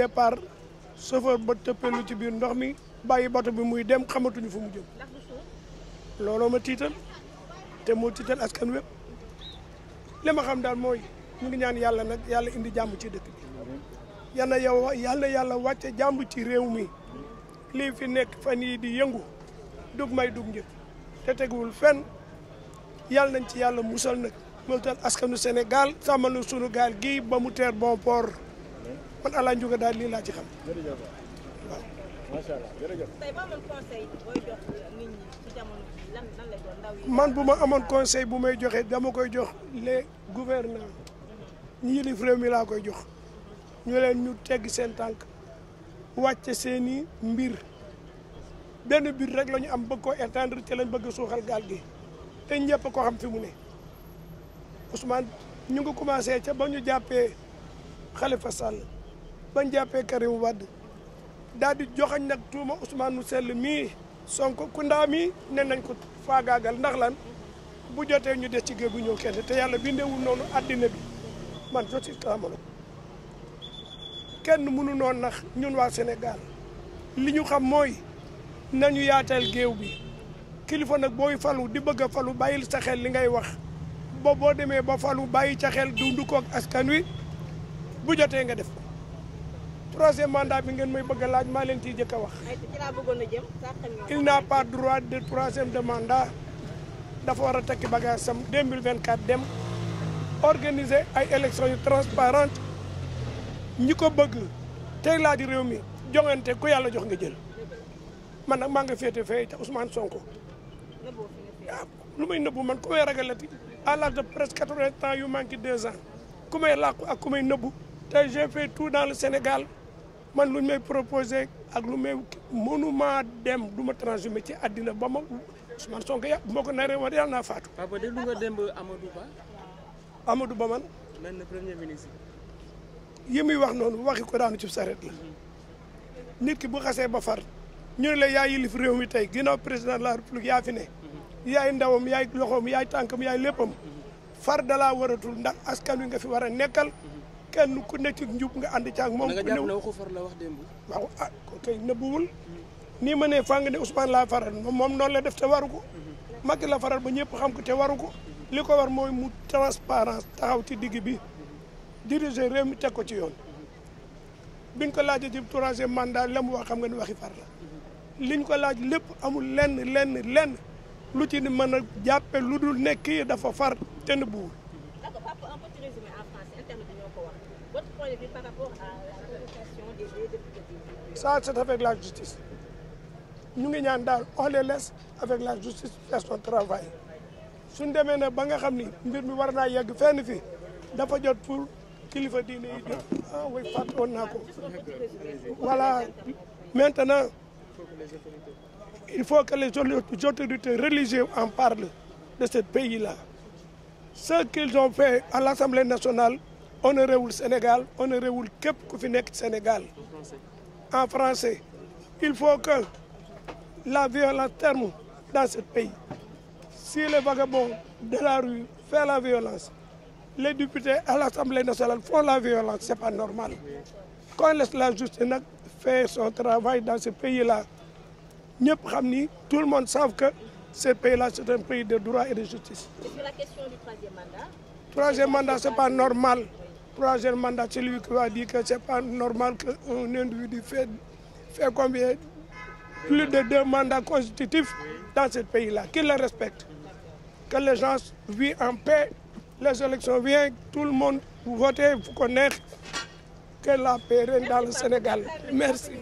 départ chauffeur ba tëppeelu ci biir ndox mi bàyyi bato bi muy dem xamatuñu fu mu jëm looloo ma tiital te moo tiital askan wépp li ma xam daal mooy ñu ngi ñaan yàlla nag yàlla indi jàmm ci dëkk bi yal yàlla yàlla wàcce jàmm ci réew mi lii fi nekk fan yii di yëngu dug may dug njëkk te teguwul fenn yàlla nañ ci yàlla musal nag musal askanu Sénégal sàmmal sunu gaal gi ba mu teer bon port man àlaa njuga daal lii laa ci xam waaw macha amoon conseil man bu ma amoon conseil bu may joxe dama koy jox les gouvernants ñi yilif réew mi laa koy jox ñu leen ñu tegg seen tànk wàcce seeni i mbir benn mbir rek lañu am bëgg koo étendre te lañ bëgg suuxal gaal gi te ñëpp ko xam fi mu ne Ousmane ñu ngi commencé ca ba ñu jàppee Khalifa sàll bañ jàppee Karim Wade daal joxañ nag tuuma Ousmane mu sell mii sonk kundaa mii ne nañ ko faagaagal ndax lan bu jotee ñu des ci géej gu ñëw kenn te yàlla bindewul noonu àddina bi man joti tamalo kenn mënu noon nax ñun waa senegaal li ñu xam mooy nañu yaatal géew bi kilifa nag booy falu di bëgg a falu bàyyil sa xel li ngay wax ba boo demee ba falu bàyyi ca xel dundu koog askan wi bu jotee nga def troisième mandat bi ngeen may bëgg a laaj maa leen ciy jëkk a wax il n'a pas droit de troisième de mandat dafa war a takki bagage sam 2024 dem organiser ay élections yu transparente ñi ko bëgg tey laaj réew mi joŋante ku yàlla jox nga jël man nag maa nga féete fee ca Ousmane Sonko lu may nëbbu man ku may ragalati à l'âge de presque quatre-vingts ans yu manqué deux ans ku may làqu ak ku may nëbbu tey j'ai fait tout dans le Sénégal man lu may proposé ak lu may mënuma dem du ma transhumé ci àddina ba ma Ousmane Sonko yàpp moo ko naree war yàlla naa faatu. papa déglu Ba. Amadou Ba man. mel na premier ministre. yi muy wax noonu waxi ko daanu ci saret la. nit ki bu xasee ba far ñu ne la yaa yilif réew mi tey ginnaaw président de la république yaa fi ne. yaay ndawam yaay loxoom yaay tànkam yaay léppam. far dalaa waratul ndax askan wi nga fi war a nekkal. kenn ku nekk njub nga ànd ci ak moom. ku ne waxu far la wax démb. waaw ah kay nëbbuwul. nii ma ne faa nga ne Ousmane laa faral moom noonu la def te waru ko. Macky la faral ba ñëpp xam ko te waru ko. li ko war mooy mu transparence taxaw ci digg bi. diriger réew mi teg ko ci yoon. biñ ko laajee ci troisième mandat la mu wax xam nga ni waxi far la. liñ ko laaj lépp amul lenn lenn lenn lu ci mën a jàppe lu dul nekk dafa far te nëbbuwul. un petit de la convocation avec la justice ñu ngi ñaan daal on les avec la justice faire son travail suñ demee ne ba nga xam ni mbir mi war naa yegg fenn fii dafa jot pour kilifa diine yi di ah oui fàtte woon ko voilà maintenant il faut que les autorités religieuses en parlent de ce pays là ce qu'ils ont fait à l'Assemblée nationale honoré wul Sénégal honoré wul képp ku fi nekk Sénégal en français il faut que la violence termine dans ce pays si les vagabonds de la rue font la violence les députés à l'Assemblée nationale font la violence c'est pas normal qu'on laisse la justice nag faire son travail dans xam ni tout le monde savent que ce pays-là, c'est un pays de droit et de justice. la question du troisième mandat Troisième mandat, ce n'est pas normal. Troisième mandat, c'est qui va dire que ce pas normal qu'un individu fait, combien Plus de deux mandats constitutifs dans ce pays-là. Qu'il le respecte. Que les gens en paix. Les élections tout le monde, vous votez, vous connaissez. Que la paix règne dans le Sénégal. Merci.